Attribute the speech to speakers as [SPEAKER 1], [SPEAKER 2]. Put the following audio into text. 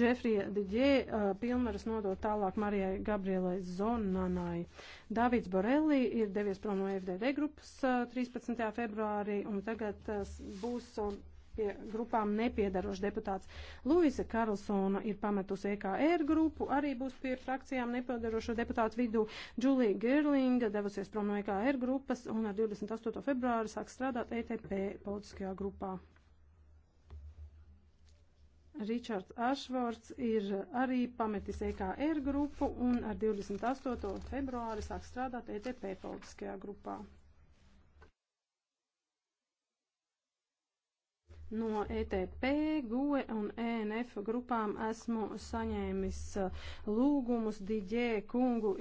[SPEAKER 1] Džefrija Diģē uh, pilnvaras nodot tālāk Marijai Gabrielai Zonanai. Davids Borelli ir devies prom no FDD grupas uh, 13. februārī un tagad uh, būs uh, pie grupām nepiedarošs deputāts. Luisa Karlsona ir pametusi EKR grupu, arī būs pie frakcijām nepiedarošo deputātu vidū. Džulija Gerlinga devusies prom no EKR grupas un ar 28. februāru sāk strādāt ETP politiskajā grupā. Ričards Ašvorts ir arī pametis EKR grupu un ar 28. februāri sāk strādāt ETP politiskajā grupā. No ETP, GUE un ENF grupām esmu saņēmis uh, lūgumus Diģē kungu.